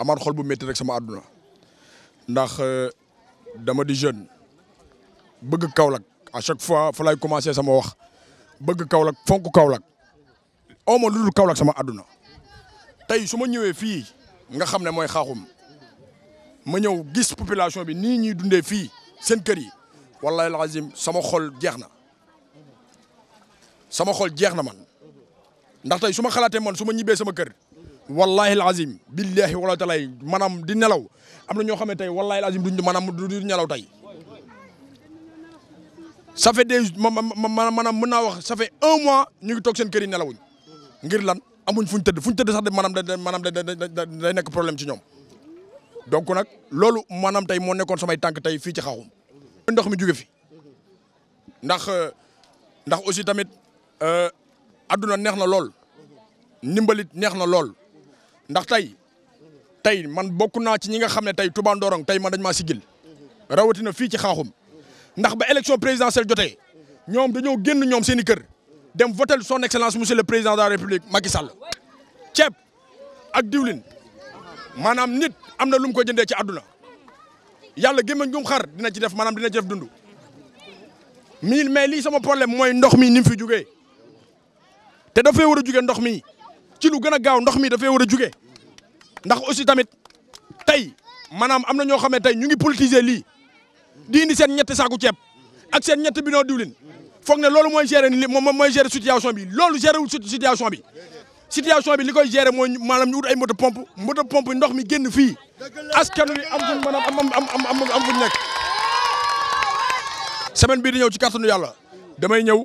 amaat xol bu métti rek sama àdduna ndax euh, dama di jeune bëgg Kaolack à chaque fois fa lay sama wax bëgg Kaolack fonk Kaolack aw ma ludul Kaolack sama àdduna tey su ma ñëwee fii nga xam ne mooy xaaxum ma ñëw gis population bi nii ñuy dundee fii seen kër yi wallahi lazim sama xol jeex na sama xol jeex na man ndax tey su ma xalaatee man su ma ñibbee sama kër wallahi alazim billahi wala di nelaw wallahi alazim ça fait des ça fait un mois que ngi tok seen kër nelawuñ ngir lan amuñ fuñ fuñ sax de problème ci ñom donc nak loolu manam tay mo nekkon samay tank tay fi ci xaxum ndox mi fi ndax ndax aussi tamit euh, ndax tey tey man bokk naa ci ñi nga xam ne tey Touba Ndorong tey man dañ maa sigil rawatina fii ci xaaxum ndax ba élection présidentielle jotee ñoom dañoo génn ñoom seen i kër dem votel son excellence monsieur le président de la république Macky ceeb ak diwlin maanaam nit am na lu mu ko jëndee ci àdduna yàlla gémmañ gum xar dina ci def maanaam dina ci def mii mais lii sama problème mooy ndox mi ni mu fi jugee te dafay war a jugee ndox mi ci lu gën a gaaw ndox mi dafay war a jugee ndax aussi tamit tey maanaam am na ñoo xam ne ñu ngi politiser lii di indi seen ñetti saaku ceeb ak seen ñetti bidon diwlin foog ne loolu mooy gérer li moom mooy gérer situation bi loolu gérer wul situation bi situation bi li koy gérer mooy maanaam ñu ut ay moto pompe moto pompe ndox mi génn fii askan wi am fuñ mën a am am am am fuñ nekk. semaine bii di ñëw ci kàttanu yàlla damay ñëw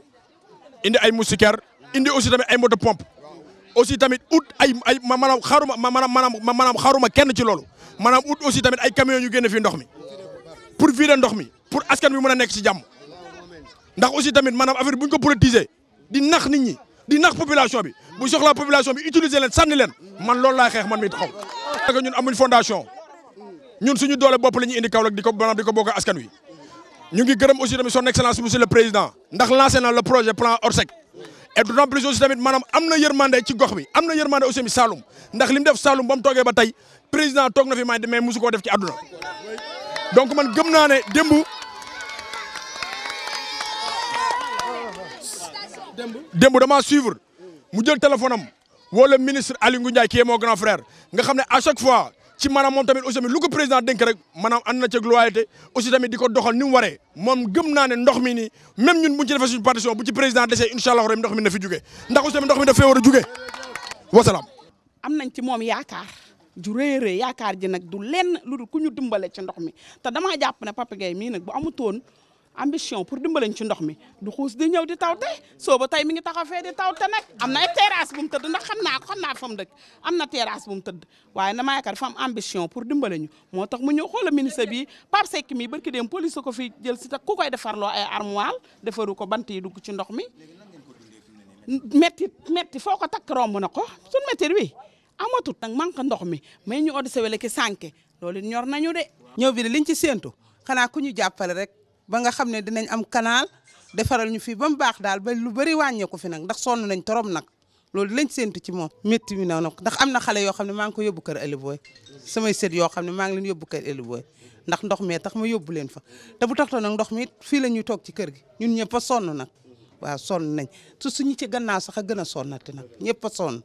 indi ay moustiquaire indi aussi tamit ay moto pompe. aussi tamit ut ay ay ma maanaam xaruma ma maanaam xaruma kenn ci loolu maanaam ut aussi tamit ay camions yu génne fii ndox mi pour vider ndox mi pour askan wi mën a nekk ci jàmm ndax aussi tamit maanaam affaire bu ñu ko politiser di nax nit ñi di nax population bi bu soxlaa population bi utiliser leen sànni leen man loolu laay xeex man mi taxaw. parce que ñun amuñ fondation ñun suñu doole bopp la ñuy indi Kaolack di ko maanaam askan wi ñu ngi gërëm aussi tamit son excellence monsieur ndax lancé na projet plan Orsec. et d'autant plus tamit maanaam am na yërmande ci gox bi am na yërmande aussi mi Saloum ndax li mu def Saloum ba mu toogee ba tey président toog na fi may mais mosu koo def ci àdduna donc man gëm naa ne démb démb damaa suivre mu jël téléphone am wala ministre Aliou Ngoundiaye kii est mon grand frère nga xam ne à chaque fois ci maanaam moom tamit aussi tamit ko président dénk rek maanaam ànd na ci loyauté aussi tamit di ko doxal ni mu waree moom gëm naa ne ndox mi nii même ñun buñ ci defee suñu partition bu ci président desee incha allah rek ndox mi na fi jugee ndax aussi tamit ndox mi daf fee war a jugee am nañ ci moom yaakaar ju rëy yaakaar ji nag du lenn lu dul ku ñu dimbale ci ndox mi te damaa jàpp ne Papa Gueye mii nag bu amutoon ambition pour dimbalañ ci ndox mi du xuus di ñëw di tawte soo ba tey mi ngi taxaw fee di tawte nag am na ay terrasse bu mu tëdd ndax xam naa xam naa fa mu am na terrasse bu mu tëdd waaye damaa yaakaar dafa am ambition pour dimbalañu moo tax mu ñëw xoola ministre bi Pape Seck mi barki dem police ko fi jël si ta ku koy defarloo ay armoire defaru ko bant yi dugg ci ndox mi metti metti foo ko takk romb ne ko suñ méttir wi amatut nag manque ndox mi may ñu oddi sa wele ki sànke loolu ñor nañu de ñëw bi de liñ ci séentu xanaa ku ñu jàppale rek ba nga xam ne dinañ am canal defaral ñu fii ba mu baax daal ba lu bëri wàññeeku fi nag ndax sonn nañ torop nag loolu lañ séntu ci moom métti mi na nag ndax am na xale yoo xam ne maa ngi ko yóbbu kër Aliou Boye samay sët yoo xam ne maa ngi leen yóbbu kër Aliou ndax ndox mee tax ma yóbbu leen fa te bu tax to nag ndox mi fii la ñuy toog ci kër gi ñun ñëpp a sonn nag waaw sonn nañ su suñu ci gannaaw sax a gën a sonnati nag ñëpp a sonn